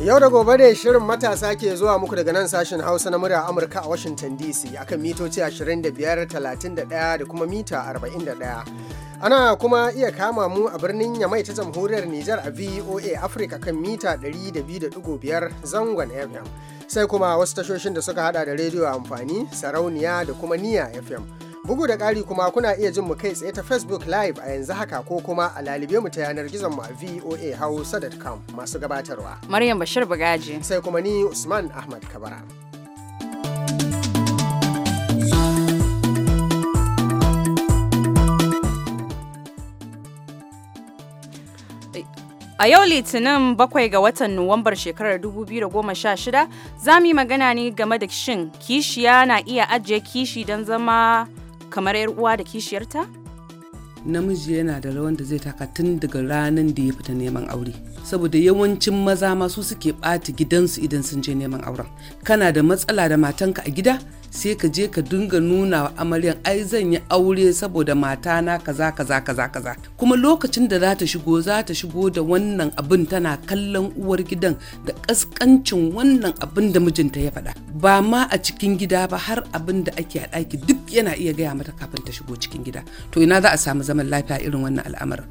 Yau da gobe ne shirin matasa ke zuwa muku daga nan sashen Hausa na murya Amurka a Washington DC akan mitoci 25, 31 da kuma mita 41. Ana kuma iya kama mu a birnin Yamai ta jamhuriyar Nijar a VOA Africa kan mita 102.5 zangon FM. Sai kuma wasu tashoshin da suka hada da rediyo amfani, sarauniya da kuma niya FM. Bugu da ƙari kuma kuna iya jin mu kai tsaye ta Facebook Live a yanzu haka ko kuma a lalibe mu ta yanar gizon mu a VOA Hausa.com masu gabatarwa. Maryam Bashir Bagaji. Sai kuma ni Usman Ahmad Kabara. A yau Litinin bakwai ga watan Nuwambar shekarar 2016 za mu yi magana ne game da shin kishiya na iya ajiye kishi don zama kamar 'yar uwa da kishiyarta? Namiji yana da rawan da zai taka tun daga ranar da ya fita neman aure. saboda yawancin maza masu suke ɓata gidansu idan sun je neman auren kana da matsala da matanka a gida sai ka je ka dinga nuna wa amaryan ai zan yi aure saboda mata na kaza kaza kaza kaza kuma lokacin da za ta shigo za ta shigo da wannan abin tana kallon uwar gidan da kaskancin wannan abin da mijinta ya faɗa ba ma a cikin gida ba har abin da ake a ɗaki duk yana iya gaya mata kafin ta shigo cikin gida to ina za a samu zaman lafiya irin wannan al'amarin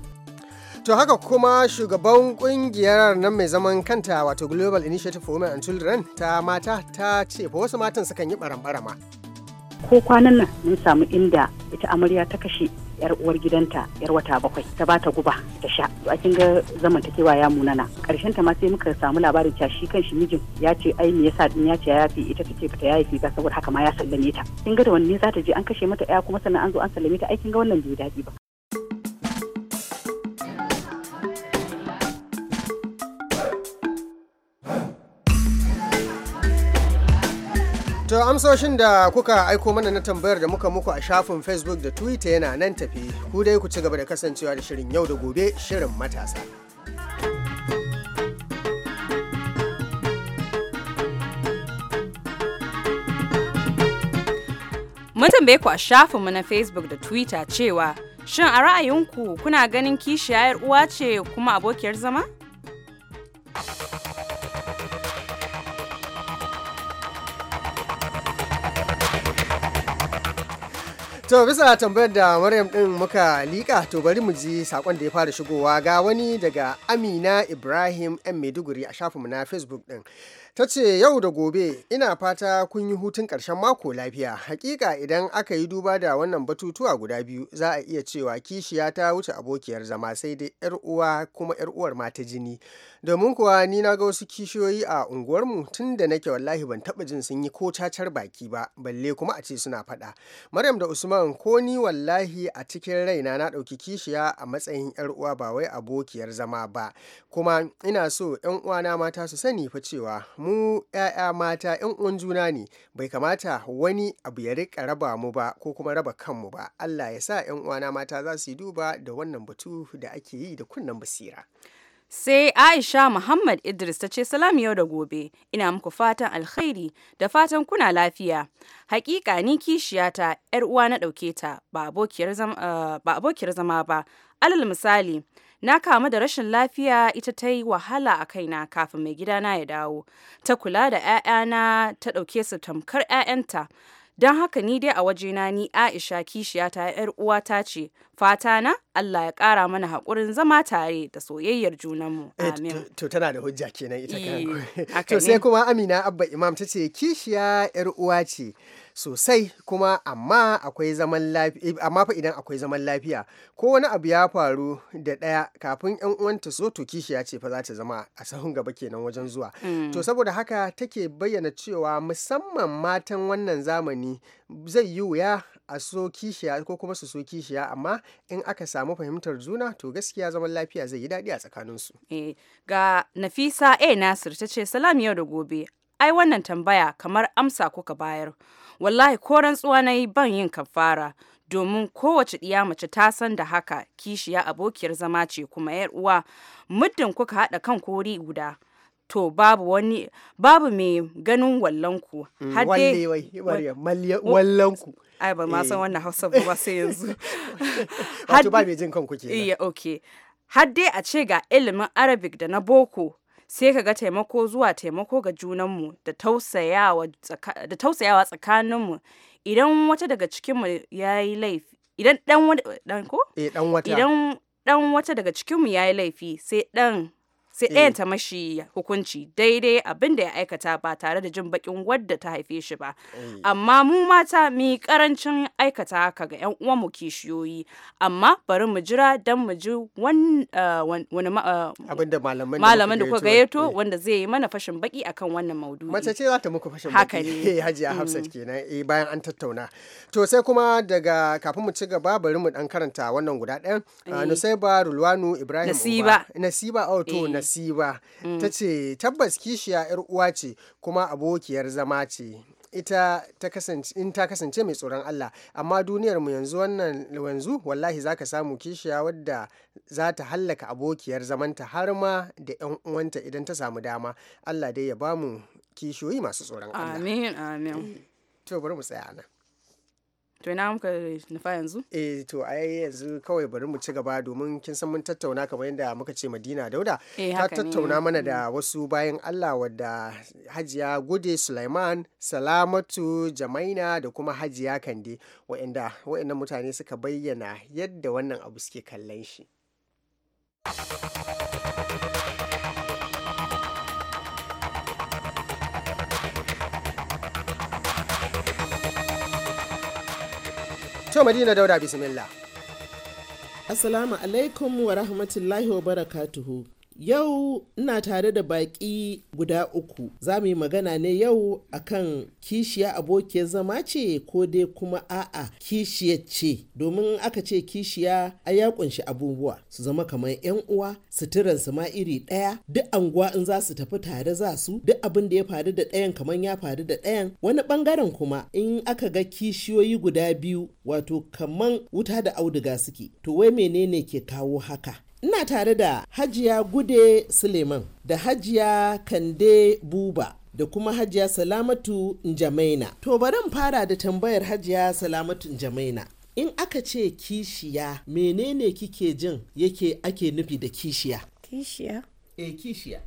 To haka kuma shugaban kungiyar nan mai zaman kanta wato Global Initiative for Women and Children ta mata ta ce fa wasu matan sukan yi baran-barama. Ko kwanan nan mun samu inda ita amarya ta kashe yar uwar gidanta yar wata bakwai ta ba ta guba ta sha to a kin ga zamantakewa ya munana karshen ta ma sai muka samu labarin cewa shi kanshi mijin ya ce ai me yasa din ya ce ya yafi ita take ta yafi a saboda haka ma ya sallame ta kin ga da wanne za ta je an kashe mata ya kuma sannan an zo an sallame ta ai kin ga wannan bai daɗi ba To amsoshin da kuka aiko mana na tambayar da muka muku a shafin Facebook da Twitter yana nan tafi, ku dai ku ci gaba da kasancewa da shirin yau da gobe shirin matasa. Mun tambaye ku a shafinmu na Facebook da Twitter cewa, shin a ra'ayinku kuna ganin kishiyar uwa ce kuma abokiyar zama? To bisa tambayar da Maryam din muka lika to bari mu ji sakon da ya fara shigowa ga wani daga Amina Ibrahim 'yan Maiduguri a shafinmu na Facebook din. ta ce yau da gobe ina fata kun yi hutun ƙarshen mako lafiya hakika idan aka yi duba da wannan batutuwa guda biyu za a iya cewa kishiya ta wuce abokiyar zama sai dai yar uwa kuma yar uwar mata jini domin kuwa ni na ga wasu kishiyoyi a unguwarmu tun da nake wallahi ban taba jin sun yi ko cacar baki ba balle kuma a ce suna faɗa maryam da usman ko ni wallahi a cikin raina na ɗauki kishiya a matsayin yar uwa ba wai abokiyar zama ba kuma ina so yan uwana mata su sani fa cewa mu 'ya'ya mata 'yan uwan juna ne bai kamata wani abu ya rika raba mu ba ko kuma raba kanmu ba allah ya sa 'yan uwana mata za su yi duba da wannan batu da ake yi da kunnen basira sai aisha muhammad idris ta ce salam yau da gobe ina muku fatan alkhairi da fatan kuna lafiya hakika ni kishiyata yar uwa na dauke ta eh, ba abokiyar zama ba alal misali na kamu da rashin lafiya ita ta yi wahala a kaina kafin mai gidana ya dawo ta kula da 'ya'yana ta ɗauke su tamkar 'ya'yanta don haka ni dai a wajena ni aisha kishiyata yar ta ce fata na allah ya kara mana haƙurin zama tare da soyayyar junan mu eh, to tana da hujja kenan ita kan eh, to sai kuma amina abba imam ta ce kishiya yar uwa ce sosai kuma amma akwai zaman lafiya eh, amma fa idan akwai zaman lafiya ko wani abu ya faru da ɗaya kafin yan uwanta so to kishiya ce fa za ta zama a sahun gaba kenan wajen zuwa mm. to saboda haka take bayyana cewa musamman matan wannan zamani zai yi wuya a so kishiya ko kuma su so kishiya amma in aka samu fahimtar juna to gaskiya zaman lafiya zai yi daɗi a tsakaninsu. su eh, ga Nafisa A. Nasir ta ce salam yau da gobe ai wannan tambaya kamar amsa kuka bayar wallahi ko rantsuwa na yi ban yin kafara domin kowace ɗiya mace ta san da haka kishiya abokiyar zama ce kuma yar uwa muddin kuka haɗa kan kori guda to babu wani babu mai ganin wallanku mm, hadde wallanku ai ba ma san eh. wannan hausa ba sai yanzu wato ba mai jin iya okay a ce ga ilimin arabic da na boko sai ka ga taimako zuwa taimako ga junanmu da tausayawa tsakaninmu idan wata daga cikinmu ya yi laifi idan eh, dan wata daga cikinmu ya yi laifi sai dan sai mm. ɗayan ta mashi hukunci daidai abin da ya aikata ba tare da jin bakin wadda ta haife shi ba amma mu mata mu karancin aikata haka ga yan uwanmu kishiyoyi amma bari mu jira don mu ji eh, wani eh, malamin da kuka gayyato wanda zai yi mana fashin baki akan wannan maudu'i mace ce za ta muku fashin baki ne hajiya hafsat mm. kenan eh bayan an tattauna to sai kuma daga kafin mu ci gaba bari mu dan karanta wannan guda ɗayan eh, Nusaiba Rulwanu Ibrahim Nasiba Nasiba auto oh, Nasiba BBC ba mm. ta ce tabbas kishiya 'yar uwa ce kuma abokiyar zama ce ita ta kasance in ta kasance mai tsoron Allah amma duniyar mu yanzu wannan yanzu wallahi zaka samu kishiya wadda za ta hallaka abokiyar zamanta har ma da yan uwanta idan ta samu dama Allah dai ya bamu kishiyoyi masu tsoron Allah amin amin to bari mu tsaya nan to ina muka nufa yanzu eh to ai yanzu kawai bari mu ci gaba domin kin san mun tattauna kamar yadda muka ce Madina Dauda eh, ta tattauna mana da mm. wasu bayan Allah wadda Hajiya Gode Sulaiman Salamatu Jamaina da kuma Hajiya Kande waɗanda mutane suka bayyana yadda wannan abu suke kallon shi to madina dauda bismillah assalamu alaikum wa rahmatullahi wa barakatuhu Yau ina tare da baƙi guda uku. Za mu yi magana ne yau akan kishiya abokiyar zama ce ko dai kuma a'a kishiya ce. Domin aka ce kishiya a ya kunshi abubuwa su zama kamar 'yan uwa, suturan su ma iri ɗaya, duk anguwa in za su tafi tare za su, duk abin da ya faru da ɗayan kamar ya faru da ɗayan. Wani ɓangaren kuma in aka ga kishiyoyi guda biyu wato kaman wuta da auduga suke. To wai menene ke kawo haka? ina tare da hajiya gude suleiman da hajiya kande buba da kuma hajiya salamatu njamaina to bari fara da tambayar hajiya salamatu njamaina in aka ce kishiya menene kike jin yake ake nufi da kishiya kishiya e kishiya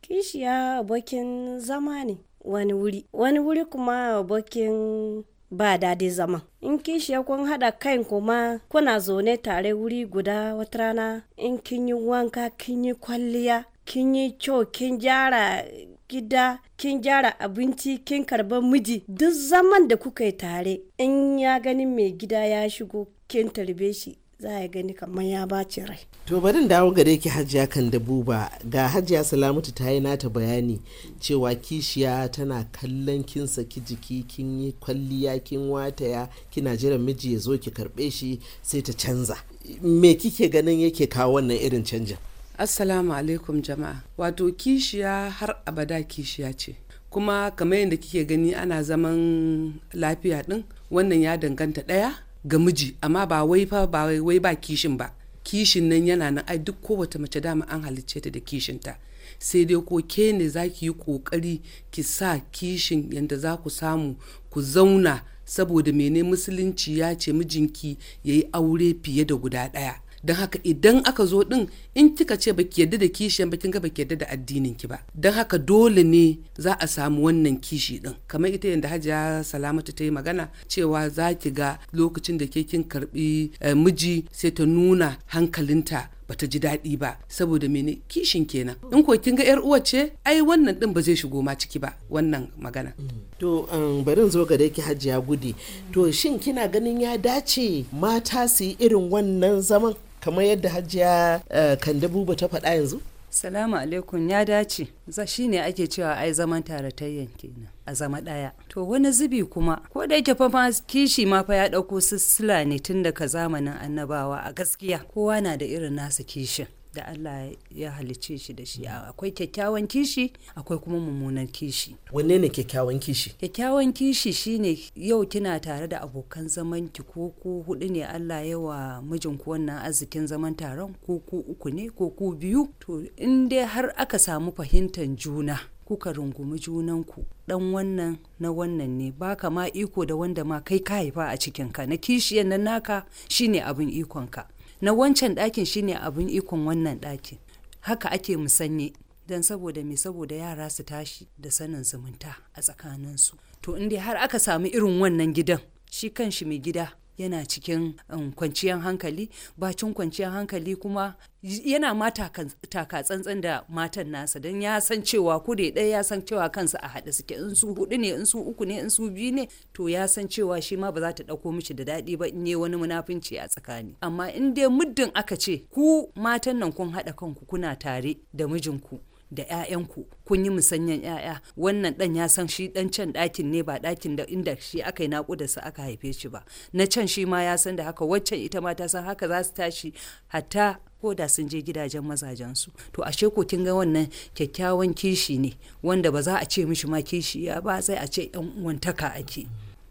kishiya abokin zama ne wani wuri wani wuri kuma bakin ba daɗi zaman in kishiya kun haɗa kai kuma kuna zaune tare wuri guda wata rana in kin yi wanka kin yi kwalliya kin yi kyau kin gyara gida kin gyara abinci kin karba miji duk zaman da kuka yi tare in ya ganin mai gida ya shigo kin tarbe shi za a gani kamar ya bace rai. To barin dawo gare ki hajiya kan da buba ga hajiya salamatu ta yi nata bayani cewa kishiya tana kallon kin saki jiki kin yi kwalliya kin wataya kina jiran miji ya zo ki karɓe shi sai ta canza. Me kike ganin yake kawo wannan irin canjin? Assalamu alaikum jama'a. Wato kishiya har abada kishiya ce. Kuma kamar yadda kike gani ana zaman lafiya din wannan ya danganta ɗaya ga miji amma ba wai fa ba wai ba kishin ba kishin nan yana nan ai duk kowace mace dama an halicce ta da kishinta sai dai ko ke ne za ki yi ƙoƙari ki sa kishin yadda za ku samu ku zauna saboda mene musulunci ya ce mijinki ya yi aure fiye da guda ɗaya don haka idan aka zo din in kika ce ba ki yadda da kishiyan kin ga ki yadda da addinin ki ba don haka dole ne za a samu wannan kishi din kamar ita yadda hajiya salamatu ta yi magana cewa za ki ga lokacin da ke kin karbi eh, miji sai ta nuna hankalinta bata ji daɗi ba saboda mene kishin kenan in ko kin ga yar uwa ce ai wannan din ba zai shigo ma ciki ba wannan magana to um, bari zo ga ki hajiya gudi to shin kina ganin ya dace mata su yi irin wannan zaman kamar yadda hajjiya eh, kande buba ta faɗa yanzu salamu alaikum ya dace za shi ne ake cewa ai zaman taratayyan kenan a zama ɗaya to wani zubi kuma ko da yake fama kishi ma fa ya ɗauko sissila ne tun daga zamanin annabawa a gaskiya kowa na da irin nasa kishin da Allah ya halicce shi da shi akwai kyakkyawan kishi akwai kuma mummunan kishi wanne ne kyakkyawan kishi kyakkyawan kishi shine yau kina tare da abokan zaman ki ko ku hudu ne Allah yawa mijin ku wannan arzikin zaman taron ko ku uku ne ko ku biyu to in dai har aka samu fahimtar juna kuka rungumi junanku dan wannan na wannan ne baka ma iko da wanda ma kai ka haifa a cikin ka na kishiyan nan naka shine abin ikon ka. na wancan ɗakin shine abin ikon wannan ɗakin haka ake musanye don saboda me saboda yara su tashi da sanin zumunta a tsakaninsu to inda har aka samu irin wannan gidan shi kan shi mai gida yana cikin um, kwanciyar hankali bacin kwanciyar hankali kuma yana ma taka tsantsan da matan nasa don ya san cewa kude ɗaya ya san cewa kansa a haɗa suke in su hudu ne in su uku ne in su biyu ne to ya san cewa shi ma ba za ta ɗauko mishi da daɗi ba in yi wani munafunci a tsakani amma in dai muddin aka ce ku matan nan kun haɗa kanku kuna tare da mijinku da 'ya'yanku kun yi musanyen 'ya'ya wannan ɗan ya san shi dan can ɗakin ne ba ɗakin da inda shi aka yi su aka haife shi ba na can shi ma ya san da haka waccan ita ma ta san haka za su tashi hatta ko da sun je gidajen mazajensu to ashe ko kin ga wannan kyakkyawan kishi ne wanda ba za a ce mishi ma kishi ya ba sai a ce yan uwantaka ake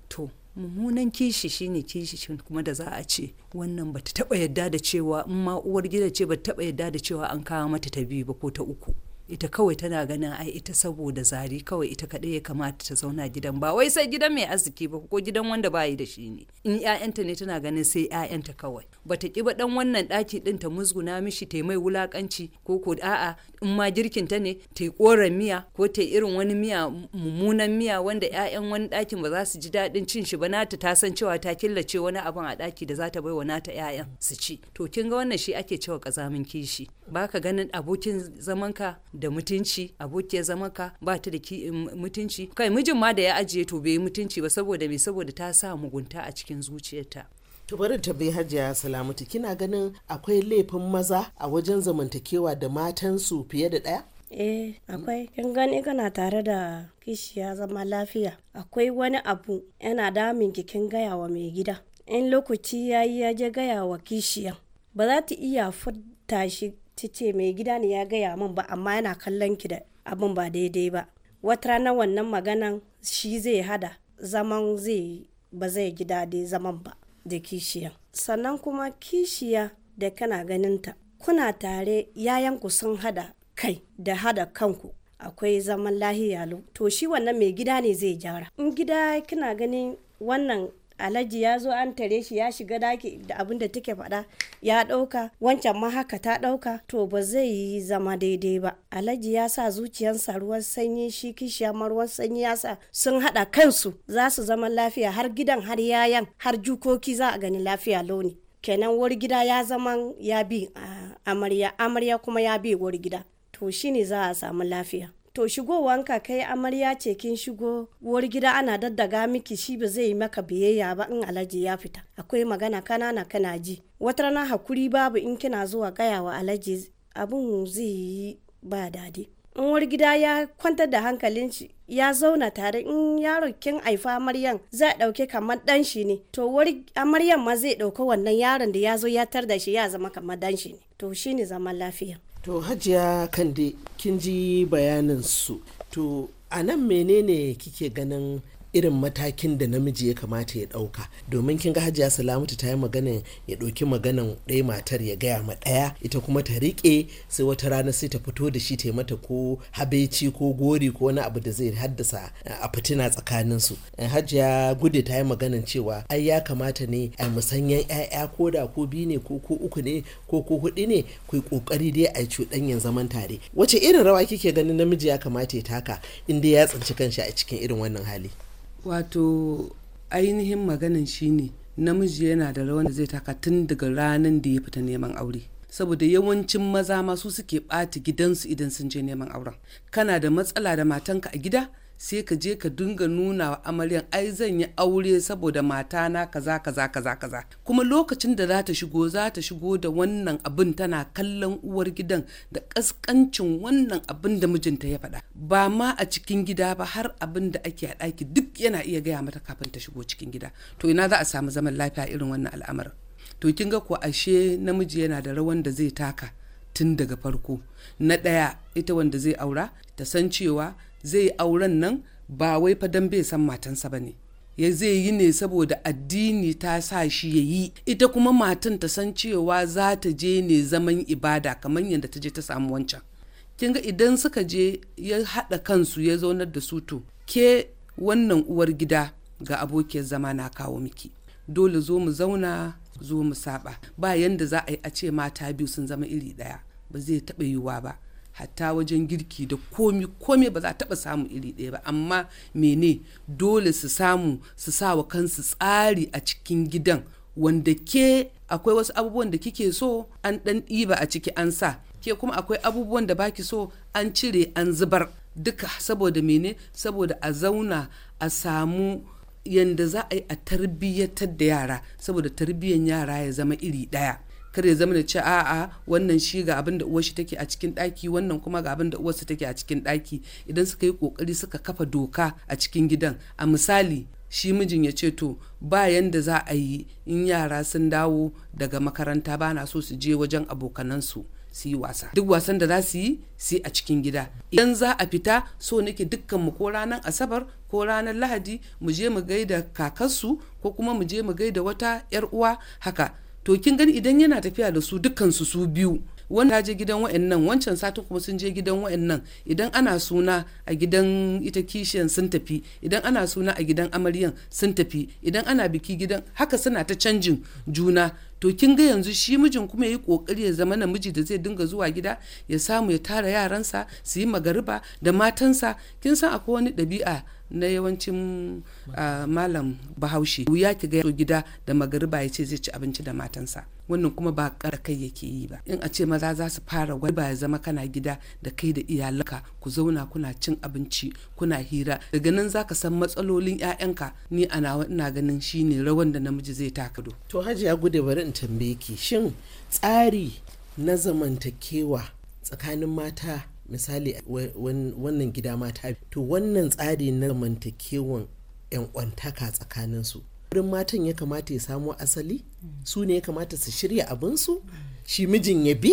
to mummunan kishi shine kishi kuma da za a ce wannan bata taba yadda da cewa in ma uwar gida ce bata taba yadda da cewa an kawo mata ta biyu ba ko ta uku ita kawai tana ganin ai ita saboda zari kawai ita kaɗai ya kamata ta zauna gidan ba wai sai gidan mai arziki ba ko gidan wanda bayi da shi ne in ƴaƴanta ne tana ganin sai ƴaƴanta kawai bata ki ba dan wannan ɗaki ɗin ta musguna mishi ta mai wulakanci ko ko a'a in ma girkin ta ne ta yi koren miya ko ta yi irin wani miya mummunan miya wanda ƴaƴan wani ɗakin ba za su ji daɗin cin shi ba nata ta san cewa ta killace wani abin a ɗaki da za ta baiwa nata ƴaƴan su ci to kin ga wannan shi ake cewa kazamin kishi baka ganin abokin zamanka da mutunci abokiyar zama ka ba ta da mm, mutunci kai mijin ma da ya ajiye to bai mutunci ba saboda me saboda ta sa mugunta a cikin zuciyarta to barin bai hajiya salamatu kina ganin akwai laifin maza a wajen zamantakewa da matansu fiye da ɗaya eh akwai kin gani kana tare da kishiya zama lafiya akwai wani abu yana damin kin gaya wa mai gida in lokaci ya ya je gaya wa kishiya ba za ta iya fudta shi cice mai gida ne ya gaya min ba amma yana kallon ki da abin ba daidai ba wata ranar wannan maganan shi zai hada zaman zai ba zai gida dai zaman ba da kishiya sannan kuma kishiya da kana ganinta kuna tare yayan ku sun hada kai da hada kanku akwai zaman lahiya to shi wannan mai gida ne zai gyara in gida kina ganin wannan alhaji ya zo an tare shi ya shiga daki da abin da take faɗa ya ɗauka wancan ma haka ta ɗauka to ba zai yi zama daidai ba alhaji ya sa zuciyarsa ruwan sanyi shi kishiya ma ruwan sanyi ya sa sun haɗa kansu za su zama lafiya har gidan har yayan har jukoki za a gani lafiya launi kenan wuri gida ya zama ya bi ah, amarya amarya kuma ya bi wuri gida to shine za a samu lafiya to shigowanka kai amarya ce kin shigo uwar gida ana daddaga miki shi ba zai maka biyayya ba in alhaji ya fita akwai magana kanana kana ji wata rana hakuri babu in kina zuwa gaya wa alhaji abun zai yi ba dadi in uwar gida ya kwantar da hankalin shi ya zauna tare in yaro kin aifa amaryan zai dauke kamar dan shi ne to uwar amaryan ma zai dauka wannan yaron da ya zo ya tar da shi ya zama kamar dan shi ne to shine zaman lafiya to hajiya kande kin ji bayanin su to a nan menene kike ganin irin matakin da namiji ya kamata ya ɗauka domin kin ga hajiya salamatu ta yi magana ya ɗauki maganan ɗaya matar ya gaya ma ɗaya ita kuma ta riƙe sai wata rana sai ta fito da shi ta mata ko habeci ko gori ko wani abu da zai haddasa eh, a fitina tsakanin su eh, hajiya gude ta yi maganan cewa ai ya kamata ne a musanyen 'ya'ya ko da ko biyu ne ko ko uku ne ko ko hudu ne ku yi kokari dai a cuɗanyen zaman tare wace irin rawa kike ganin namiji ya kamata ya taka inda ya tsinci kanshi a cikin irin wannan hali wato ainihin maganin shine namiji yana da rawan da zai taka tun daga ranar da ya fita neman aure saboda yawancin maza masu suke ɓata gidansu idan sun je neman auren kana da matsala da matanka a gida sai ka je ka dinga nuna wa amaryan ai zan yi aure saboda mata na kaza kaza kaza kaza kuma lokacin da za ta shigo za ta shigo da wannan abin tana kallon uwar gidan da kaskancin wannan abin da mijinta ya faɗa ba ma a cikin gida ba har abin da ake a ɗaki duk yana iya gaya mata kafin ta shigo cikin gida to ina za a samu zaman lafiya irin wannan al'amarin to kin ga ko ashe namiji yana da rawan da zai taka tun daga farko na ɗaya ita wanda zai aura ta san cewa zai yi auren nan ba wai fa bai san matansa ba ne ya zai yi ne saboda addini ta sa shi ya yi ita kuma matan ta san cewa za ta je ne zaman ibada kamar yadda ta je ta samu wancan kin ga idan suka je ya haɗa kansu ya zaunar da su to ke wannan uwar gida ga abokiyar zama na kawo miki dole zo mu zauna zo mu saba ba yanda za a yi a ce mata biyu sun zama iri ɗaya ba zai taɓa yiwuwa ba hatta wajen girki da komi komi ba za taɓa samu iri ɗaya ba amma mene dole su samu su sa wa kansu tsari a cikin gidan wanda ke akwai wasu abubuwan da kike so an ɗan ɗiba a ciki an sa ke kuma akwai abubuwan da baki so an cire an zubar duka saboda mene saboda a zauna a samu yanda za a yi a tarbiyyatar da yara saboda tarbiyyan yara ya zama iri ɗaya Kada ya zama da ce a'a wannan shi ga abin da uwar shi take a cikin ɗaki wannan kuma ga abin da uwarsa take a cikin ɗaki idan suka yi kokari suka kafa doka a cikin gidan a misali shi mijin ya ce to ba yanda za a yi in yara sun dawo daga makaranta ba na so su je wajen abokanansu su yi wasa duk wasan da za su yi sai a cikin gida idan za a fita so nake dukkan mu ko ranar asabar ko ranar lahadi mu je mu gaida kakarsu ko kuma mu je mu gaida wata yar uwa haka to kin gani idan yana tafiya da su dukkan su su biyu wani ta je gidan wa'annan wancan satin kuma sun je gidan wa'annan idan ana suna a gidan ita kishiyan sun tafi idan ana suna a gidan amaryan sun tafi idan ana biki gidan haka suna ta canjin juna to kin ga yanzu shi mijin kuma yi kokari ya zama namiji da zai dinga zuwa gida ya samu ya tara yaransa su yi magariba da matansa kin san akwai wani ɗabi'a na yawancin ah, malam bahaushe ya ki ga gida da magariba ya ce zai ci abinci da matansa wannan kuma ba kara kai yake yi ba in a ce maza za su fara ba ya zama kana gida da kai da iyalanka ku zauna kuna cin abinci kuna hira daga nan zaka san matsalolin 'ya'yanka ni ana ina ganin shi ne. rawan da namiji zai taka do to ya gude bari in tambaye ki shin tsari na zamantakewa tsakanin mata misali wannan gida mata to wannan tsari na mantakewan 'yan kwantaka su wurin matan ya kamata ya samo asali su ne ya kamata su shirya abin su shi mijin ya bi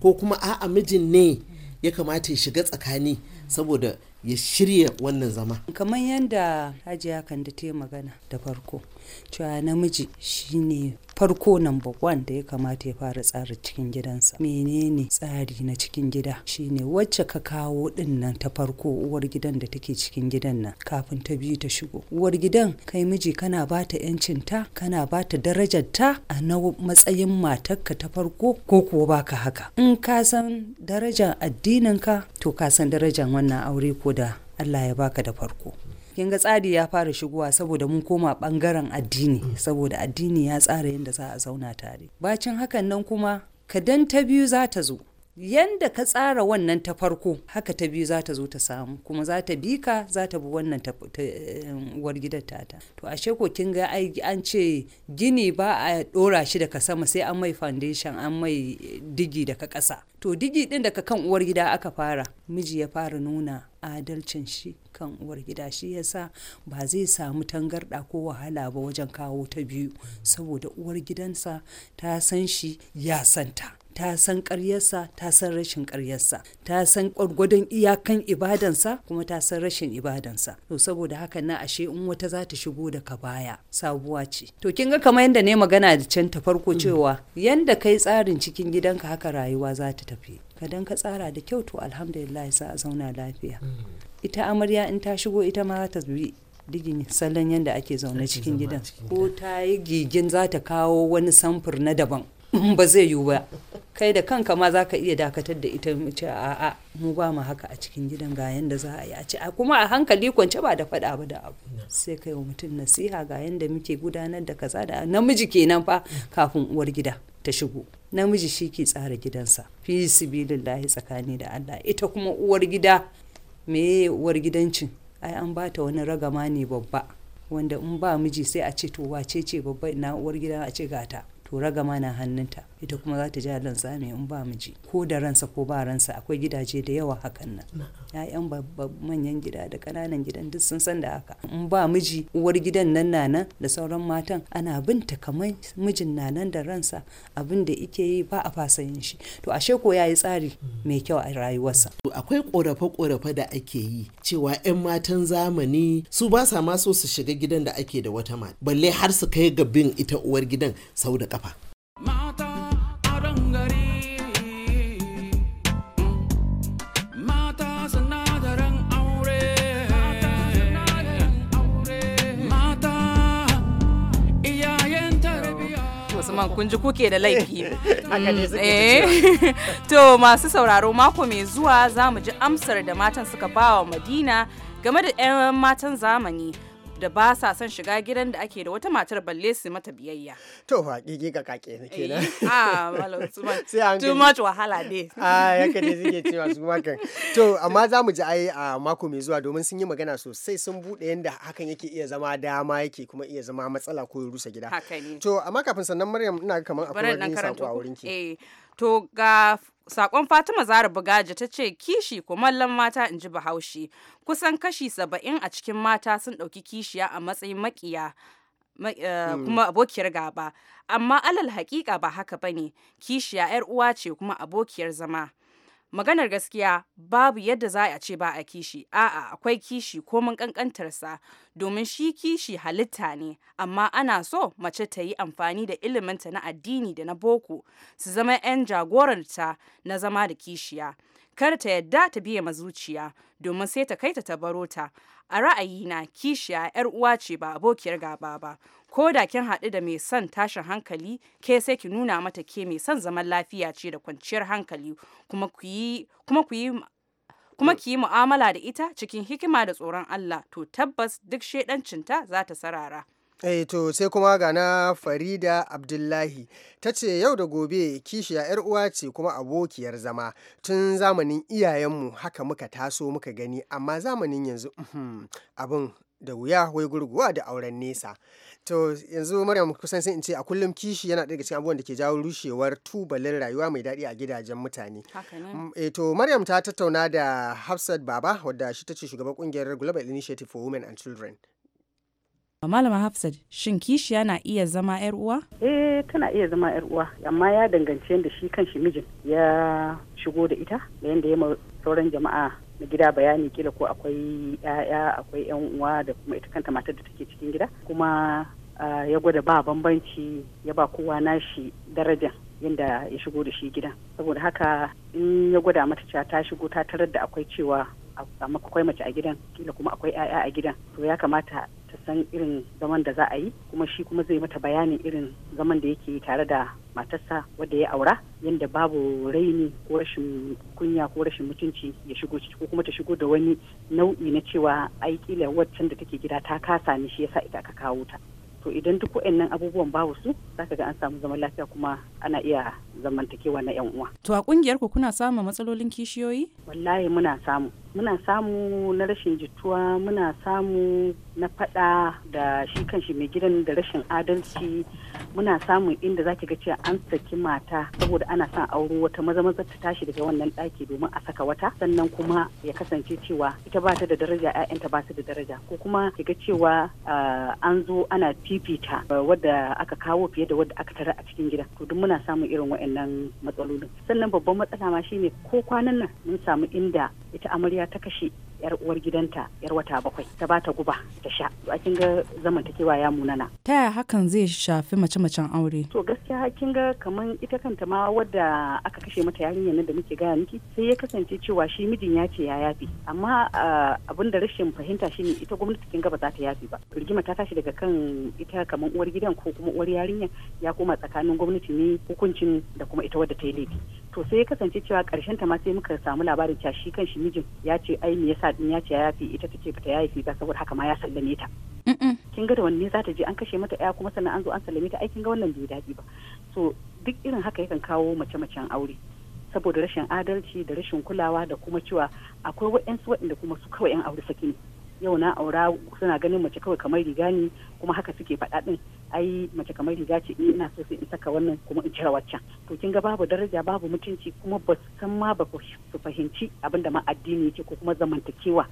ko kuma a'a mijin ne ya kamata ya shiga tsakani saboda ya shirya wannan zama kamar yadda hajiya kan da ta magana da farko cewa namiji shine farko nan one da ya kamata ya fara tsara cikin gidansa menene tsari na cikin gida shine wacce ka kawo din nan ta farko uwar gidan da take cikin gidan nan kafin ta biyu ta shigo uwar gidan kai miji kana bata yancin ta kana bata darajar ta a na matsayin matarka ta farko ko kuwa baka haka in ka san darajar addinin ka to ka san darajar wannan aure ko da Allah ya baka da farko kin ga tsari ya fara shigowa saboda mun koma bangaren addini saboda addini ya tsara yadda za a zauna tare bacin hakan nan kuma ka dan ta biyu za ta zo yanda ka tsara wannan ta farko haka ta biyu za ta zo ta samu kuma za ta bi ka za ta bi wannan eh, uwar gidan tata to ashe ko kin ga an ce gini ba a dora shi daga sama sai an mai foundation an mai digi daga ƙasa to digi din daga kan uwar gida aka fara miji ya fara nuna adalcin shi kan uwar gida shi yasa ba zai samu tangarɗa ko wahala ba wajen kawo ta biyu saboda uwar gidansa ta san shi ya santa ta san karyarsa ta san rashin karyarsa ta san gwargwadon iyakan ibadansa kuma ta san rashin ibadansa to saboda haka na ashe in wata za ta shigo daga baya sabuwa ce to kin ga kamar yadda ne magana da can ta farko cewa yanda kai tsarin cikin gidanka haka rayuwa za ta tafi ka dan ka tsara da kyau to alhamdulillah za a zauna lafiya mm. ita amarya in ta shigo ita ma ta bi digin salon yadda ake zaune cikin gidan ko ta yi gigin za ta kawo wani samfur na daban ba zai yiwu ba kai da kanka ma za ka iya dakatar da ita mace a'a mu ba mu haka a cikin gidan ga yanda za a yi a ci kuma a hankali kwance ba da faɗa ba da abu sai kai wa mutum nasiha ga yanda muke gudanar da kaza da namiji kenan fa kafin uwar gida ta shigo namiji shi ke tsara gidansa fi sibilin lahi tsakani da Allah ita kuma uwar gida me uwar gidancin ai an ta wani ragama ne babba wanda in ba miji sai a ce to wace ce babba ina uwar gida a ce gata to ragama na hannunta ita kuma za ta ja zame in ba miji ko da ransa ko ba ransa akwai gidaje da yawa hakan nan ya'yan manyan gida da kananan gidan duk sun san da haka in ba miji uwar gidan nan na nan da sauran matan ana binta kamar mijin na nan da ransa abin da ike yi ba a fasa yin shi to ashe ko ya yi tsari mm. mai kyau a rayuwarsa to akwai ƙorafe-ƙorafe da ake yi cewa 'yan matan zamani su ba sa ma so su shiga gidan da ake da wata mata balle har su kai ga bin ita uwar gidan sau da musamman kun ji kuke da laifi eh. to masu sauraro mako mai zuwa za mu ji amsar da matan suka ba wa madina game da 'yan matan zamani da ba sa son shiga gidan da ake da wata matar balle su mata biyayya. To haƙiƙi ka kake ne kenan. Eh, ah, malam Too much wahala dai. Ah, ka ne suke cewa su makan. To amma za mu ji ai a mako mai zuwa domin sun yi magana sosai sun buɗe yadda hakan yake iya zama dama yake kuma iya zama matsala ko rusa gida. Haka ne. To amma kafin sannan Maryam ina kamar akwai wani sako a wurinki. Eh. To ga sakon Fatima Zara Bugaji ta ce kishi kumallon mata in ji Bahaushe. Kusan kashi saba'in a cikin mata sun ɗauki kishiya a matsayin makiya. Eh, hmm. kuma abokiyar gaba amma alal hakika ba haka bane kishiya yar uwa ce kuma abokiyar zama maganar gaskiya babu yadda za a ce ba a kishi a'a akwai kishi ko mun kankantarsa domin shi kishi halitta ne amma ana so mace ta yi amfani da iliminta na addini da na boko su zama 'yan jagoranta na zama da kishiya kar ta yadda ta biya ma zuciya domin sai ta kai ta ta ta a ra'ayina kishiya yar uwa ce ba abokiyar gaba ba ko da kin haɗu da mai son tashin hankali ke sai ki nuna mata ke mai son zaman lafiya ce da kwanciyar hankali kuma ku kuma ku yi kuma ki yi mu'amala da ita cikin hikima da tsoron Allah to tabbas duk shedancinta za ta sarara. Eh to sai kuma gana Farida Abdullahi ta ce yau da gobe kishiya 'yar uwa ce kuma abokiyar zama tun zamanin iyayenmu haka muka taso muka gani amma zamanin yanzu uhm, abin da wuya wai gurguwa da auren nesa to yanzu maryam kusan sai in ce a kullum kishi yana daga cikin abubuwan da ke jawo rushewar tubalin rayuwa mai daɗi a gidajen mutane e to maryam ta tattauna da hafsat baba wadda shi ta ce shugaban kungiyar global initiative for women and children Malama Hafsat, shin kishiya na iya zama 'yar uwa? Eh, tana iya zama 'yar uwa, amma ya danganci yadda shi kan shi mijin ya shigo da ita, da yadda ya sauran jama'a na gida bayani kila ko akwai 'ya'ya, akwai 'yan uwa da kuma ita kanta matar da take cikin gida. Kuma ya gwada ba bambanci ya ba kowa nashi daraja yadda ya shigo da shi gidan. Saboda haka in ya gwada mata cewa ta shigo ta tarar da akwai cewa a akwai mace a gidan kila kuma akwai 'ya'ya a gidan to ya kamata ta san irin zaman da za a yi kuma shi kuma zai mata bayanin irin zaman da yake tare da matarsa wadda ya aura yadda babu raini ko rashin kunya ko rashin mutunci ya shigo ciki ko kuma ta shigo da wani nau'i na cewa aiki da waccan da take gida ta kasa ne shi yasa ita aka kawo ta to idan duk waɗannan abubuwan babu su ka ga an samu zaman lafiya kuma ana iya zamantakewa na yan uwa to a kungiyar ku kuna samun matsalolin kishiyoyi wallahi muna samu muna samu na rashin jituwa muna samu na faɗa da shi kan shi mai gidan da rashin adalci muna samun inda zaki ga cewa an saki mata saboda ana son auro wata maza maza ta tashi daga wannan ɗaki domin a saka wata sannan kuma ya kasance cewa ita ba ta da daraja ƴaƴanta ba su da daraja ko kuma ki ga cewa ah, an zo ana fifita ah, wadda aka kawo fiye da wadda aka tara a cikin gida to duk muna samun irin waɗannan matsalolin sannan babban matsala ma shine ko kwanan nan mun samu inda ita amarya ta kashe yar uwar gidanta yar wata bakwai ta ba ta guba ta sha a kin ga zamantakewa ya munana ta yaya hakan zai shafi mace-macen aure to gaskiya kin ga kaman ita kanta ma wadda aka kashe mata yarinyar nan da muke gaya miki sai ya kasance cewa shi mijin ya ce ya yafi amma ah, abin da rashin fahimta shine ita gwamnati kin ga ba za ta yafi ba rigima ta tashi daga kan ita kamar uwar gidan ko kuma uwar yarinya ya koma tsakanin gwamnati ne hukuncin da kuma ita wadda ta yi laifi to sai ya kasance cewa karshen ta ma sai muka samu labarin cewa shi kan shi mijin ya ce ai me yasa din ya ce ya yafi ita tace bata yafi ba saboda haka ma ya sallame ta kin ga da wanne za ta je an kashe mata ya kuma sannan an zo an sallame ta ai kin ga wannan bai daɗi ba so duk irin haka yakan kawo mace-macen aure saboda rashin adalci da rashin kulawa da kuma cewa akwai waɗansu waɗanda kuma su kawai 'yan aure saki ne yau na aura suna ganin mace kawai kamar riga ne kuma haka suke faɗa din ai mace kamar riga ce ina so sai in saka wannan kuma in cire waccan to kin ga babu daraja babu mutunci kuma ba su san ma ba su fahimci abin da ma addini yake ko kuma zamantakewa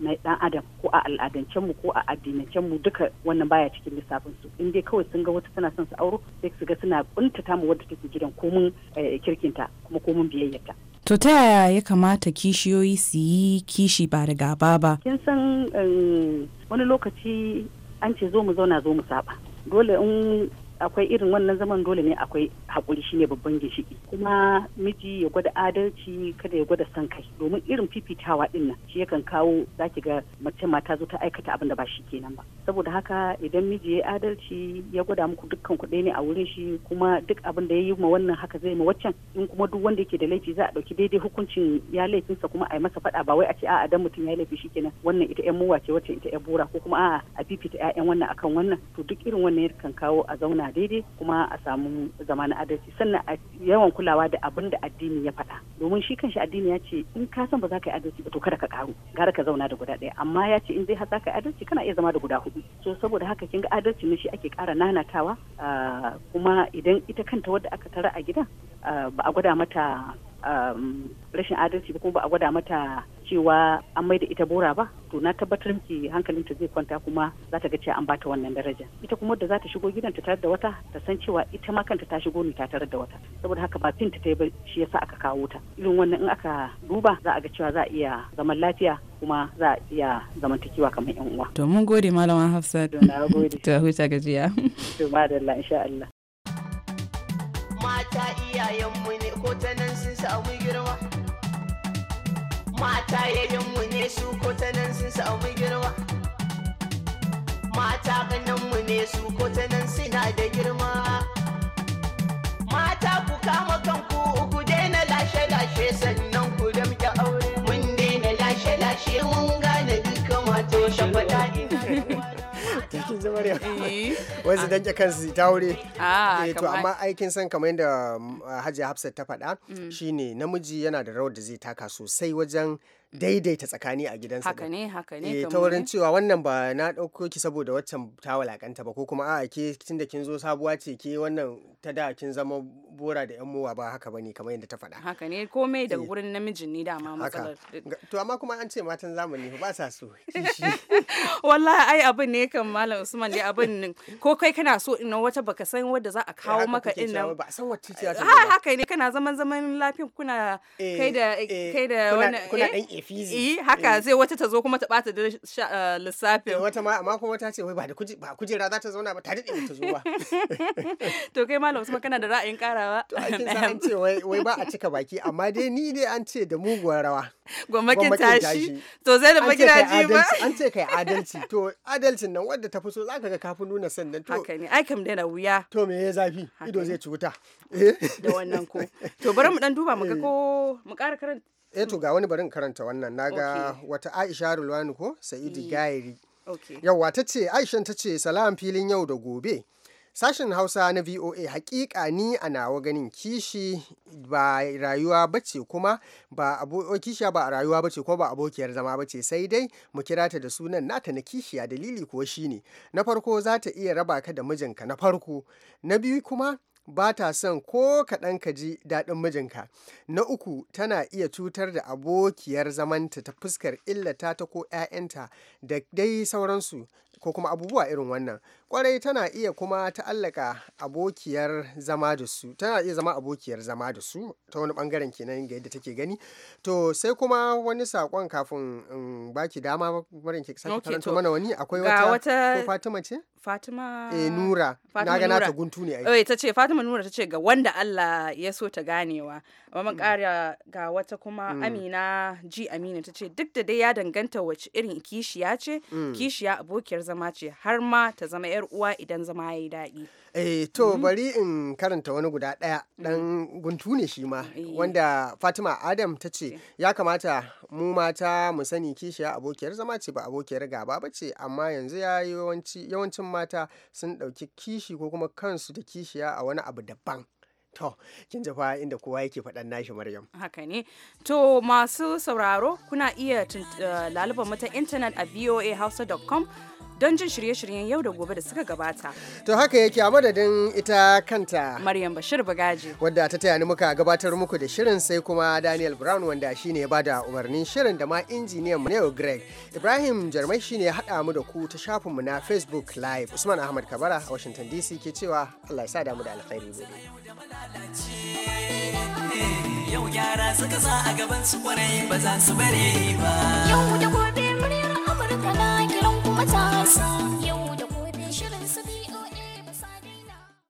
na dan adam ko a al'adancen mu ko a addinancen mu duka wannan baya cikin lissafin su in dai kawai sun ga wata tana son su auro sai su ga suna buntata mu wadda take gidan komun eh, kirkinta kuma komun biyayyarta To ta yaya ya kamata kishiyoyi su yi kishi ba da gaba ba? Kin san eh, wani lokaci an ce zo mu zauna zo mu saba. dole in akwai irin wannan zaman dole ne akwai haƙuri shine babban ginshiki kuma miji ya gwada adalci kada ya gwada son kai domin irin fifitawa din nan shi yakan kawo zaki ga mace mata zo ta aikata abin da ba shi kenan ba saboda haka idan miji ya adalci ya gwada muku dukkan kuɗi ne a wurin shi kuma duk abin da ya yi ma wannan haka zai ma waccan in kuma duk wanda yake da laifi za a ɗauki daidai hukuncin ya laifinsa kuma a yi masa faɗa ba wai a ce a'a dan mutum ya laifi shi kenan wannan ita yan muwa ce wacce ita yan bura ko kuma a'a a fifita 'ya'yan wannan akan wannan to duk irin wannan yakan kawo a zauna daidai kuma a samu zama na adalci sannan a yawan kulawa da abin da addini ya faɗa domin shi kanshi addini ya ce in ka san ba za ka yi adalci ba to kada ka karu gara ka zauna da guda ɗaya amma ya ce in zai har za ka yi adalci kana iya zama da guda hudu so saboda haka kin ga adalci ne shi ake ƙara nanatawa kuma idan ita kanta wadda aka tara a gida ba a gwada mata rashin adalci ba kuma ba a gwada mata cewa an mai da ita bora ba to na tabbatar miki hankalin ta zai kwanta kuma za ta ga cewa an bata wannan daraja ita kuma da za ta shigo gidan ta tarar da wata ta san cewa ita ma kanta ta shigo ne ta tarar da wata saboda haka ba finta ta yi ba shi yasa aka kawo ta irin wannan in aka duba za a ga cewa za a iya zaman lafiya kuma za a iya zamantakewa kamar yan uwa. To mun gode malama Hafsat. Na gode. Ta huta gajiya. To madalla insha Allah. Mata mu ne ko ta nan sun samu girma. mata mu ne su ko sun samu girma mata mu ne su ko suna da girma mata ku kama kanku ku daina lashe-lashe sannan ku damke aure mun daina lashe-lashe mun gane duka mata shafaɗa ina kin ji Maryam eh. danke kansu ta wuri ah, eh, to amma aikin san kamar yadda mm, Hajiya Hafsat ta faɗa mm. shine namiji yana da rawar da zai taka sosai wajen daidaita tsakani a gidansa haka ne haka ne eh, ta wurin cewa wannan ba na ɗauko ki saboda waccan ta walakanta ba ko kuma a'a ke tunda kin zo sabuwa ce ke wannan ta da kin zama bora da yan mowa ba haka bane kamar yadda ta faɗa haka ne komai daga gurin eh. namijin ne dama matsalar to amma kuma an ce matan zamani ba sa so wallahi ai abin ne kan malam usman dai abin ko kai kana so in wata baka san wadda za a eh, kawo maka din nan ba san wacce ce haka ne kana zaman zaman lafiya kuna kai da kai da wannan fizi eh haka zai eh. wata ta zo kuma ta bata da eh, lissafin eh, wata ma amma kuma ta ce wai ba da kujera za ta zauna ba ta dade ta zo ba to kai malam Usman kana da ra'ayin karawa to aikin sa an ce wai ba a cika baki amma dai ni dai an ce da muguwar rawa gwamnatin tashi to zai da magidaji ba an ce kai adalci to adalcin nan wanda ta fi so zaka ga kafin nuna sannan to haka ne ai kam da wuya to me ya zafi ido zai ci wuta da wannan ko to bari mu dan duba mu ga ko mu ƙara karanta eh to mm. ga wani barin karanta wannan na ga wata Aisha Rulwani ko Sa'idu mm. Gairi ta ce Aishan ta ce salam filin yau da gobe Sashen Hausa na VOA hakika ni a nawa ganin kishi ba rayuwa bace kuma ba abo kishiya ba rayuwa bace ko ba abokiyar zama bace sai dai mu kira ta da sunan nata na kishiya dalili kuwa shine na farko za ta iya raba ka da mijinka na farko na biyu kuma ba ta son ko kaɗan ka ji daɗin mijinka na uku tana iya cutar da abokiyar zamanta ta fuskar illata ta ko 'ya'yanta da dai sauransu ko kuma abubuwa irin wannan kwarai tana iya kuma ta'allaka abokiyar zama da su tana iya zama abokiyar zama da su ta wani bangaren kenan ga yadda take gani to sai kuma wani sakon kafin in baki dama barin ki sake karanto mana wani akwai wata ko Fatima ce Fatima eh Nura na ga nata guntu ne ai eh, ta ce Fatima Nura ta ce ga wanda Allah ya so ta ganewa amma mun mm. ƙara ga wata kuma mm. Amina ji Amina ta ce duk da dai ya danganta wace irin kishiya ce mm. kishiya abokiyar zama ce har ma ta zama 'yar uwa idan zama ya yi daɗi. Eh to mhm. bari in karanta wani guda ɗaya mhm. ɗan guntu ne shi ma eh. wanda Fatima Adam ta ce eh. ya kamata mu mata mu sani kishiya abokiyar zama ce ba abokiyar gaba ba ce amma yanzu ya yawancin mata sun ɗauki kishi ko kuma kansu da kishiya a wani abu daban. To, kin jafa inda kowa yake faɗan nashi Maryam. Haka ne. To, masu sauraro kuna iya eh, lalubar mata intanet a voahausa.com don jin shirye-shiryen yau da gobe da suka gabata. To haka yake a madadin ita kanta. Maryam Bashir Bagaji. Wadda ta taya ni muka gabatar muku da shirin sai kuma Daniel Brown wanda shine ya bada umarnin shirin da ma injiniyan mu Neo Greg. Ibrahim Jarmai shine ya haɗa mu da ku ta shafin mu na Facebook Live. Usman Ahmad Kabara a Washington DC ke cewa Allah ya sa damu da alkhairi Yau gyara suka sa a gaban su kwarai ba za su bare ba. Yau da gobe muryar Amurka na traumatized.